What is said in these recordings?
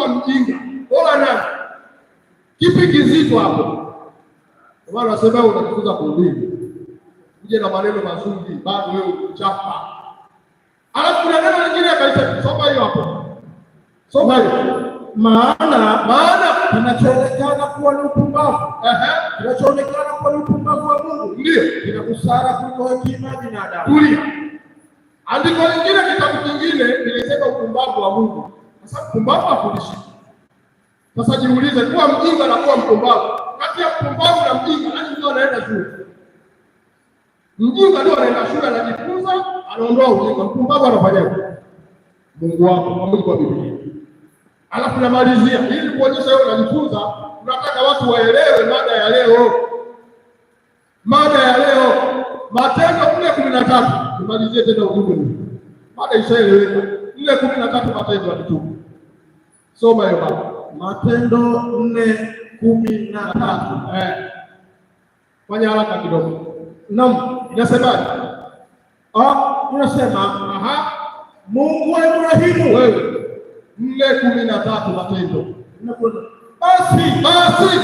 kuwa mjinga. Bora nani? Kipi kizito hapo? Kwa maana nasema unajifunza kuuliza. Uje na maneno mazuri bado wewe uchapa. Alafu kuna neno lingine akaita soma hiyo hapo. Soma hiyo. Maana maana kinachoonekana kuwa ni upumbavu. Ehe. Kinachoonekana kuwa ni upumbavu wa Mungu. Ndio. Kina busara kuliko hekima ya binadamu. Kulia. Andiko lingine kitabu kingine nilisema upumbavu wa Mungu kwa sababu pumbavu hafundishi. Sasa jiulize, kuwa mjinga na kuwa mpumbavu, kati ya mpumbavu na mjinga nani ndio anaenda shule? Mjinga ndio anaenda shule, anajifunza, anaondoa ujinga. Mpumbavu anafanya nini? Mungu wako kwa Mungu wa Biblia. Alafu namalizia ili kuonyesha wewe unajifunza. Tunataka watu waelewe mada ya leo, mada ya leo, Matendo nne kumi na tatu. Nimalizie tena ujumbe huu, mada ishaeleweka. Nne kumi na tatu Matendo ya kitume Soma hiyo baba. Matendo nne kumi na tatu. Eh. Fanya haraka kidogo. Naam, inasemaje? Ah, unasema aha, Mungu wa Ibrahimu wewe. Nne kumi na tatu Matendo. Basi, basi.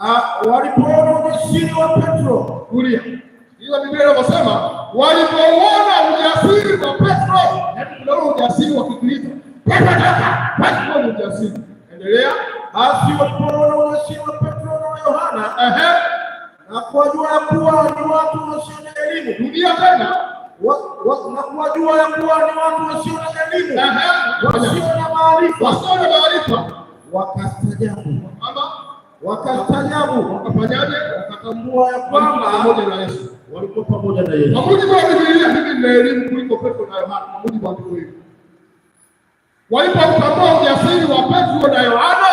Ah, walipoona ujasiri wa Petro, kulia. Ila Biblia inasema walipoona ujasiri wa Petro, yaani, ujasiri wa Kikristo. Petro Pasipo ujasiri. Endelea. Basi walipoona Yesu na Petro na Yohana, ehe, na kuwajua ya kuwa ni watu wasio na elimu. Rudia tena. Na kuwajua ya kuwa ni watu wasio na elimu. Ehe, wasio na maarifa. Wasio na maarifa. Wakastajabu. Mama, wakastajabu. Wakafanyaje? Wakatambua ya kwamba pamoja na Yesu. Walikuwa pamoja na Yesu. Kwa mujibu wa Biblia, mimi nina elimu kuliko Petro na Yohana. Kwa mujibu wa Biblia walipoutambua ujasiri wa Petro na Yohana,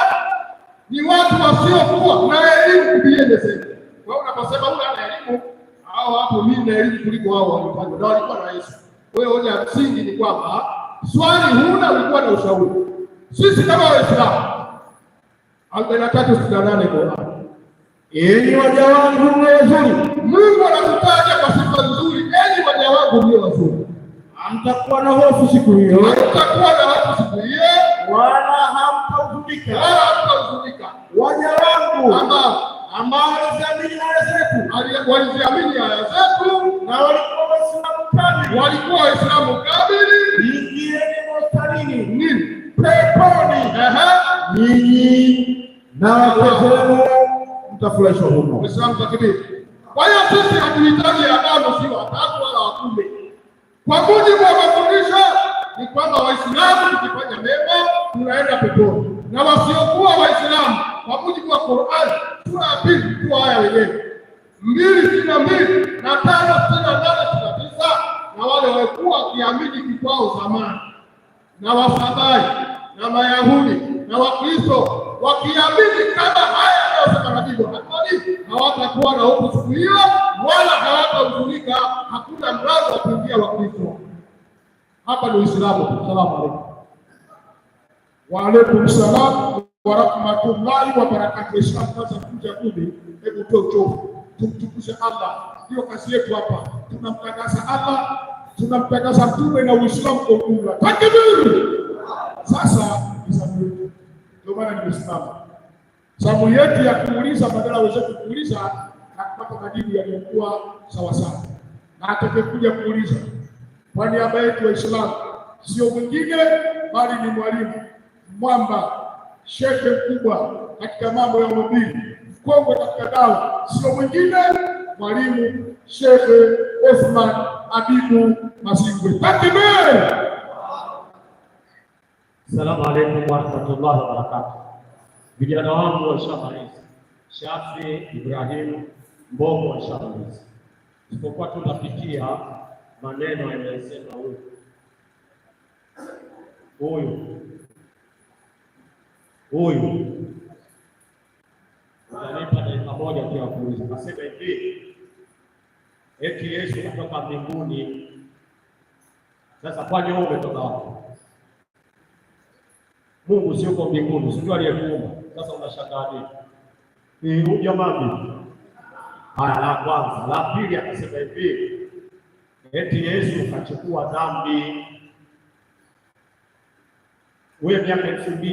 ni watu wasiokuwa na elimu kubiendesea. Kwa hiyo unaposema huyu ana elimu hao hapo mimi na elimu kuliko wao walifanya, na walikuwa na Yesu. Kwa hiyo hoja ya msingi ni kwamba swali huna, ulikuwa na ushauri. Sisi kama Waislamu arobaini na tatu sitini na nane Qur'an, enyi waja wangu mwe wazuri. Mungu anakutaja kwa sifa nzuri, enyi waja wangu mwe Hamtakuwa na hofu siku hiyo, hamtakuwa na hofu siku hiyo, wala hamtahuzunika, wala hamtahuzunika. Waja wangu ambao waliziamini aya zetu, waliziamini aya zetu, na walikuwa Waislamu kamili, walikuwa Waislamu kamili. Ingieni bustanini nini, peponi, ninyi na wake zenu mtafurahishwa humo. Kwa hiyo sisi hatuhitaji Adamu, si watatu wala wakumi kwa mujibu wa mafundisho ni kwamba Waislamu tukifanya mema tunaenda peponi, na wasiokuwa Waislamu kwa mujibu wa Qur'an sura ya pili tu haya wenyewe mbili sitini na mbili na tano sitini na nane sitini na tisa na wale walikuwa wakiamini kitwao zamani na Wasabai na Mayahudi na Wakristo wakiamini kama hawatakuwa na hiyo, wala hawatahuzunika. Hakuna mlango wa kuingia wa Kristo. Hapa ni Uislamu. Salamu alaikum. Waalaikum salam rahmatullahi wa barakatuh. kwanza kuja kumi. Hebu tuwe uchovu, tumtukuze Allah. Ndio kazi yetu hapa, tunamtangaza Allah, tunamtangaza Mtume na Uislamu kwa ujumla. Takbiri! Sasa ni ndio maana ni Uislamu zamu yetu ya kuuliza badala wenzetu kuuliza na kupata majibu yaliyokuwa sawasawa, na atakayekuja kuuliza kwa niaba yetu Waislamu sio mwingine bali ni mwalimu mwamba, shekhe mkubwa katika mambo ya mobili mkongwe katika dawa, sio mwingine mwalimu Shekhe Othman Abibu Masingwe. Takbir! Assalamu rahmatullahi wa barakatuh vijana wangu washamaliza, Shafi Ibrahimu Mbogo washamaliza, isipokuwa tunapitia maneno yanayosema huyu huyu huyu ananipa dakika moja tu ya kuuliza. Nasema hivi, eti Yesu kutoka mbinguni. Sasa kwani wewe umetoka wapi? Mungu si yuko mbinguni, sijui aliyekuumba sasa unashangaa nini? Huyu jamaa haya, la kwanza. La pili akasema hivi eti Yesu kachukua dhambi. Wewe miaka elfu mbili